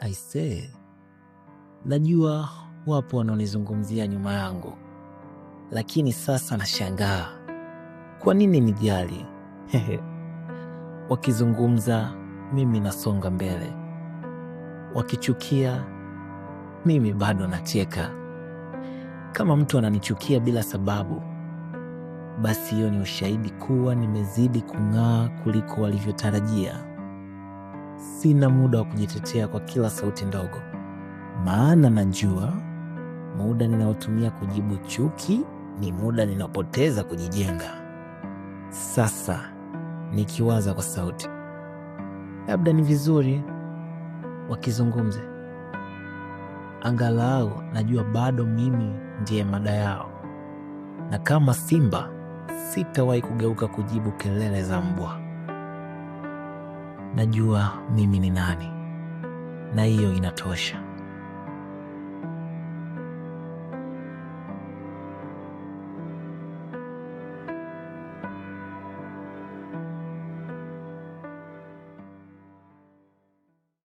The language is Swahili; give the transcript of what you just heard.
aise, najua wapo wanaonizungumzia nyuma yangu, lakini sasa nashangaa kwa nini nijali? Wakizungumza mimi nasonga mbele, wakichukia mimi bado nacheka. Kama mtu ananichukia bila sababu, basi hiyo ni ushahidi kuwa nimezidi kung'aa kuliko walivyotarajia sina muda wa kujitetea kwa kila sauti ndogo, maana najua muda ninaotumia kujibu chuki ni muda ninapoteza kujijenga. Sasa nikiwaza kwa sauti, labda ni vizuri wakizungumze, angalau najua bado mimi ndiye mada yao, na kama simba sitawahi kugeuka kujibu kelele za mbwa najua mimi ni nani, na hiyo inatosha.